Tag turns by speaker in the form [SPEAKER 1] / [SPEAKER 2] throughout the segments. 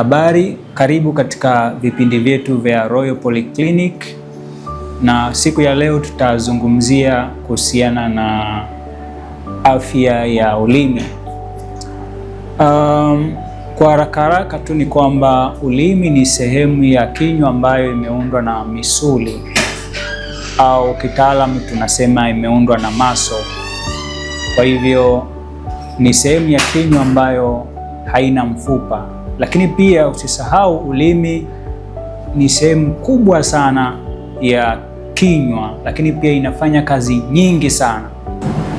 [SPEAKER 1] Habari, karibu katika vipindi vyetu vya Royal Polyclinic, na siku ya leo tutazungumzia kuhusiana na afya ya ulimi. Um, kwa haraka haraka tu ni kwamba ulimi ni sehemu ya kinywa ambayo imeundwa na misuli au kitaalamu tunasema imeundwa na maso Kwa hivyo ni sehemu ya kinywa ambayo haina mfupa lakini pia usisahau ulimi ni sehemu kubwa sana ya kinywa, lakini pia inafanya kazi nyingi sana.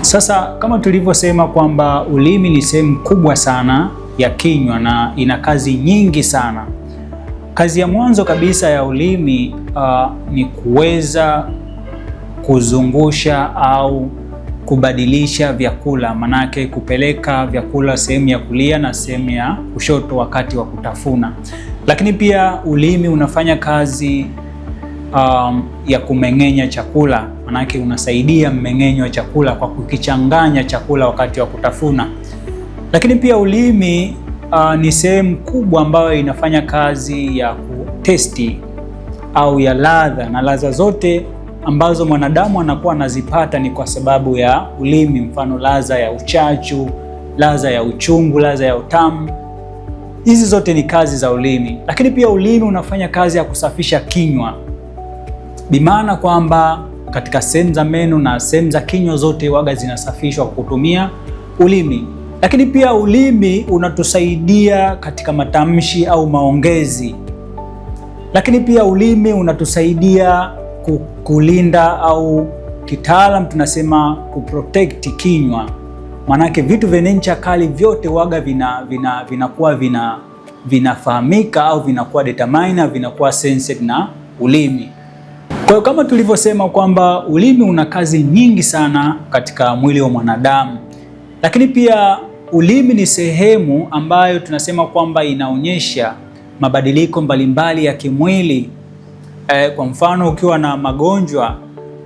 [SPEAKER 1] Sasa kama tulivyosema kwamba ulimi ni sehemu kubwa sana ya kinywa na ina kazi nyingi sana. Kazi ya mwanzo kabisa ya ulimi uh, ni kuweza kuzungusha au kubadilisha vyakula, manake kupeleka vyakula sehemu ya kulia na sehemu ya kushoto wakati wa kutafuna. Lakini pia ulimi unafanya kazi um, ya kumeng'enya chakula, manake unasaidia mmeng'enyo wa chakula kwa kukichanganya chakula wakati wa kutafuna. Lakini pia ulimi uh, ni sehemu kubwa ambayo inafanya kazi ya kutesti au ya ladha na ladha zote ambazo mwanadamu anakuwa anazipata ni kwa sababu ya ulimi, mfano ladha ya uchachu, ladha ya uchungu, ladha ya utamu. Hizi zote ni kazi za ulimi, lakini pia ulimi unafanya kazi ya kusafisha kinywa, bimaana kwamba katika sehemu za meno na sehemu za kinywa zote waga zinasafishwa kutumia ulimi. Lakini pia ulimi unatusaidia katika matamshi au maongezi, lakini pia ulimi unatusaidia kulinda au kitaalam tunasema kuprotect kinywa, manake vitu vyenye ncha kali vyote waga vina vinakuwa vina vinafahamika vina au vinakuwa determiner vinakuwa sensed na ulimi. Kwa hiyo kama tulivyosema kwamba ulimi una kazi nyingi sana katika mwili wa mwanadamu, lakini pia ulimi ni sehemu ambayo tunasema kwamba inaonyesha mabadiliko mbalimbali ya kimwili eh, kwa mfano ukiwa na magonjwa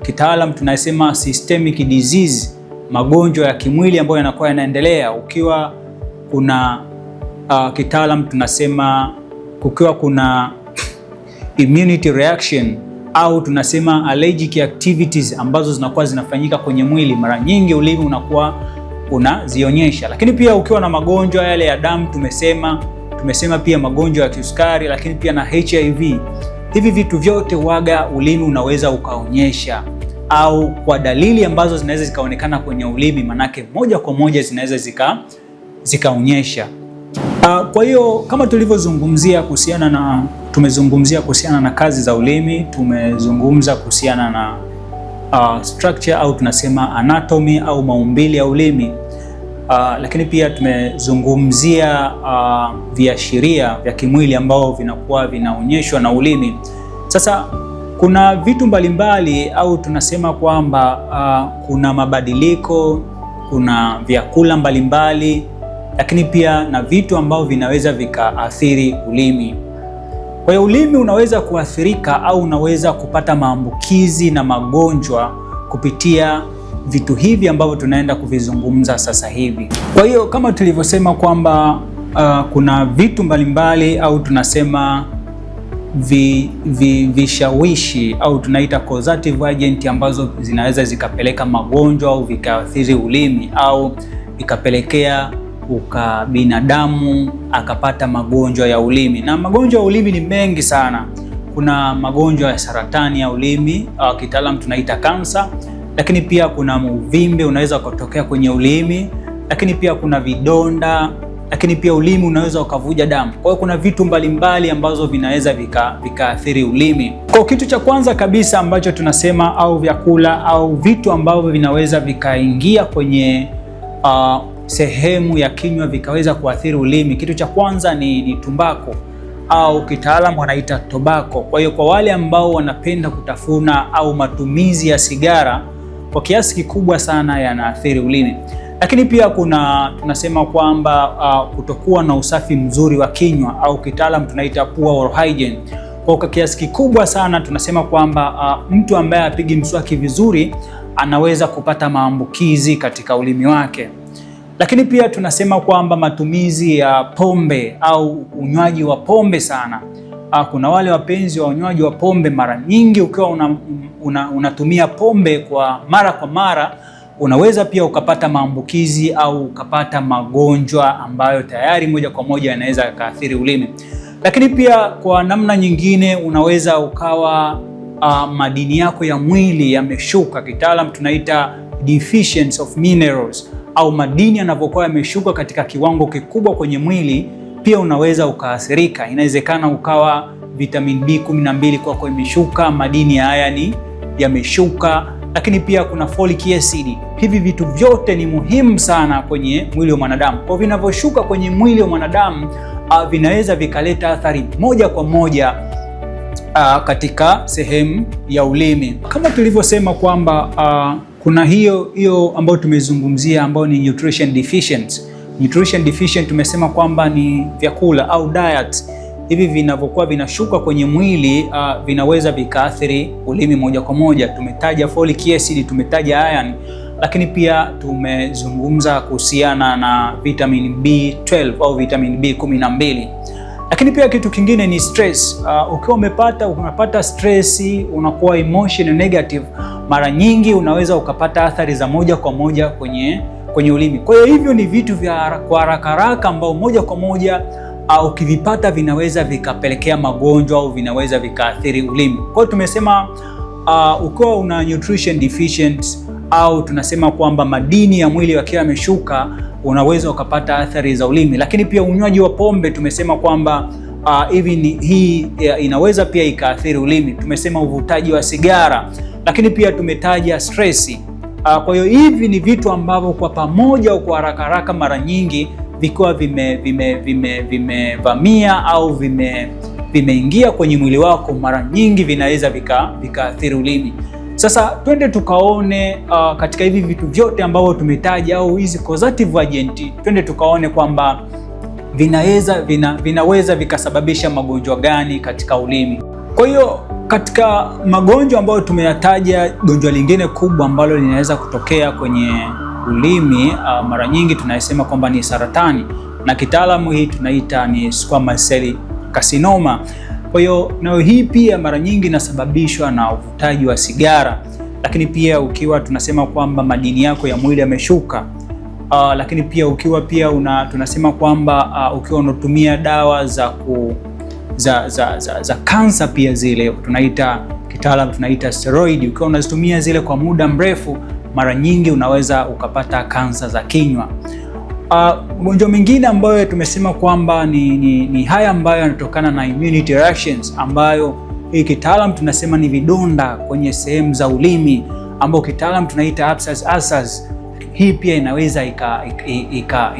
[SPEAKER 1] kitaalam tunasema systemic disease, magonjwa ya kimwili ambayo yanakuwa yanaendelea. Ukiwa kuna uh, ah, kitaalam tunasema kukiwa kuna immunity reaction au tunasema allergic activities ambazo zinakuwa zinafanyika kwenye mwili, mara nyingi ulimi unakuwa unazionyesha. Lakini pia ukiwa na magonjwa yale ya damu tumesema tumesema pia magonjwa ya kisukari, lakini pia na HIV Hivi vitu vyote waga ulimi unaweza ukaonyesha au kwa dalili ambazo zinaweza zikaonekana kwenye ulimi, manake moja kwa moja zinaweza zika zikaonyesha. Ah, kwa hiyo kama tulivyozungumzia kuhusiana na tumezungumzia kuhusiana na kazi za ulimi, tumezungumza kuhusiana na uh, structure au tunasema anatomy au maumbile ya ulimi. Uh, lakini pia tumezungumzia uh, viashiria vya kimwili ambao vinakuwa vinaonyeshwa na ulimi. Sasa kuna vitu mbalimbali mbali, au tunasema kwamba uh, kuna mabadiliko, kuna vyakula mbalimbali mbali, lakini pia na vitu ambao vinaweza vikaathiri ulimi. Kwa hiyo ulimi unaweza kuathirika au unaweza kupata maambukizi na magonjwa kupitia vitu hivi ambavyo tunaenda kuvizungumza sasa hivi. Kwa hiyo kama tulivyosema kwamba uh, kuna vitu mbalimbali mbali, au tunasema vi, vi, vishawishi au tunaita causative agent ambazo zinaweza zikapeleka magonjwa au vikaathiri ulimi au ikapelekea uka binadamu akapata magonjwa ya ulimi, na magonjwa ya ulimi ni mengi sana. Kuna magonjwa ya saratani ya ulimi, uh, kitaalamu tunaita kansa lakini pia kuna uvimbe unaweza ukatokea kwenye ulimi, lakini pia kuna vidonda, lakini pia ulimi unaweza ukavuja damu. Kwa hiyo kuna vitu mbalimbali mbali ambazo vinaweza vikaathiri vika ulimi. Kwa kitu cha kwanza kabisa ambacho tunasema au vyakula au vitu ambavyo vinaweza vikaingia kwenye uh, sehemu ya kinywa vikaweza kuathiri ulimi, kitu cha kwanza ni, ni tumbako au kitaalamu wanaita tobako. Kwa hiyo kwa wale ambao wanapenda kutafuna au matumizi ya sigara kwa kiasi kikubwa sana yanaathiri ulimi. Lakini pia kuna tunasema kwamba uh, kutokuwa na usafi mzuri wa kinywa au kitaalam tunaita poor oral hygiene. Kwa kiasi kikubwa sana tunasema kwamba uh, mtu ambaye apigi mswaki vizuri anaweza kupata maambukizi katika ulimi wake. Lakini pia tunasema kwamba matumizi ya pombe au unywaji wa pombe sana Ah, kuna wale wapenzi wa unywaji wa pombe. Mara nyingi ukiwa una, una, unatumia pombe kwa mara kwa mara unaweza pia ukapata maambukizi au ukapata magonjwa ambayo tayari moja kwa moja yanaweza yakaathiri ulimi, lakini pia kwa namna nyingine unaweza ukawa uh, madini yako ya mwili yameshuka, kitaalam tunaita deficiency of minerals, au madini yanavyokuwa yameshuka katika kiwango kikubwa kwenye mwili pia unaweza ukaathirika. Inawezekana ukawa vitamin B12 kwako imeshuka, madini ya iron yameshuka, lakini pia kuna folic acid. Hivi vitu vyote ni muhimu sana kwenye mwili wa mwanadamu, kwa vinavyoshuka kwenye mwili wa mwanadamu ah, vinaweza vikaleta athari moja kwa moja uh, katika sehemu ya ulimi kama tulivyosema kwamba uh, kuna hiyo hiyo ambayo tumezungumzia ambayo ni nutrition deficiency Nutrition deficient tumesema kwamba ni vyakula au diet hivi vinavyokuwa vinashuka kwenye mwili uh, vinaweza vikaathiri ulimi moja kwa moja. Tumetaja folic acid, tumetaja iron, lakini pia tumezungumza kuhusiana na vitamin B12 au vitamin B12. Lakini pia kitu kingine ni stress. Uh, ukiwa umepata unapata stress, unakuwa emotion negative, mara nyingi unaweza ukapata athari za moja kwa moja kwenye kwenye ulimi. Kwa hiyo hivyo ni vitu vya kwa haraka haraka ambao moja kwa moja au ah, ukivipata vinaweza vikapelekea magonjwa au vinaweza vikaathiri ulimi. Kwa hiyo tumesema uh, ukiwa una nutrition deficient au tunasema kwamba madini ya mwili yakiwa yameshuka, unaweza ukapata athari za ulimi. Lakini pia unywaji wa pombe tumesema kwamba uh, ah, even hii inaweza pia ikaathiri ulimi. Tumesema uvutaji wa sigara, lakini pia tumetaja stresi Ah, kwa hiyo hivi ni vitu ambavyo kwa pamoja au kwa haraka haraka mara nyingi vikiwa vimevamia vime, vime, vime au vime vimeingia kwenye mwili wako mara nyingi vinaweza vikaathiri vika ulimi. Sasa twende tukaone uh, katika hivi vitu vyote ambavyo tumetaja au hizi causative agent, twende tukaone kwamba vinaweza vina, vinaweza vikasababisha magonjwa gani katika ulimi. Kwa hiyo katika magonjwa ambayo tumeyataja, gonjwa lingine kubwa ambalo linaweza kutokea kwenye ulimi uh, mara nyingi tunasema kwamba ni saratani na kitaalamu hii tunaita ni squamous cell carcinoma. Kwa hiyo nayo hii pia mara nyingi inasababishwa na uvutaji wa sigara, lakini pia ukiwa tunasema kwamba madini yako ya mwili yameshuka. Uh, lakini pia ukiwa pia una, tunasema kwamba uh, ukiwa unatumia dawa za ku za, za, za, za kansa pia zile tunaita kitaalam tunaita steroid. Ukiwa unazitumia zile kwa muda mrefu, mara nyingi unaweza ukapata kansa za kinywa. Ah, Mgonjwa uh, mwingine ambayo tumesema kwamba ni, ni, ni haya ambayo yanatokana na immunity reactions, ambayo hii kitaalam tunasema ni vidonda kwenye sehemu za ulimi ambayo kitaalam tunaita abscess ulcers. Hii pia inaweza ikasababisha ika,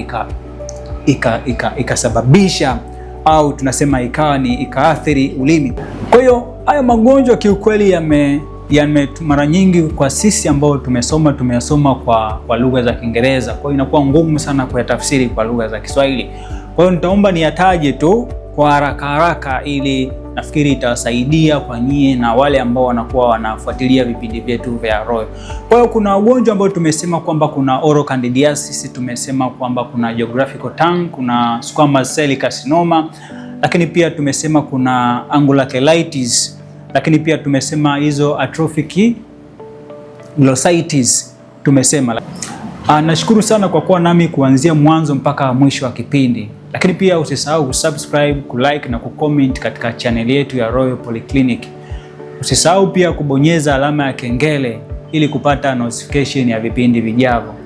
[SPEAKER 1] ika, ika, ika, ika, ika au tunasema ikawa ni ikaathiri ulimi. Kwa hiyo haya magonjwa kiukweli yame yame mara nyingi kwa sisi ambao tumesoma tumeyasoma kwa, kwa lugha za Kiingereza, kwa hiyo inakuwa ngumu sana kuyatafsiri kwa lugha za Kiswahili. Kwa hiyo nitaomba niyataje tu kwa haraka haraka ili nafikiri itawasaidia kwa nyie na wale ambao wanakuwa wanafuatilia vipindi vyetu vya Royal. Kwa hiyo kuna ugonjwa ambao tumesema kwamba kuna oral candidiasis, tumesema kwamba kuna geographical tongue, kuna squamous cell carcinoma, lakini pia tumesema kuna angular cheilitis, lakini pia tumesema hizo atrophic glossitis tumesema. Ah, nashukuru sana kwa kuwa nami kuanzia mwanzo mpaka mwisho wa kipindi lakini pia usisahau kusubscribe, kulike na kucomment katika chaneli yetu ya Royal Polyclinic. Usisahau pia kubonyeza alama ya kengele ili kupata notification ya vipindi vijavyo.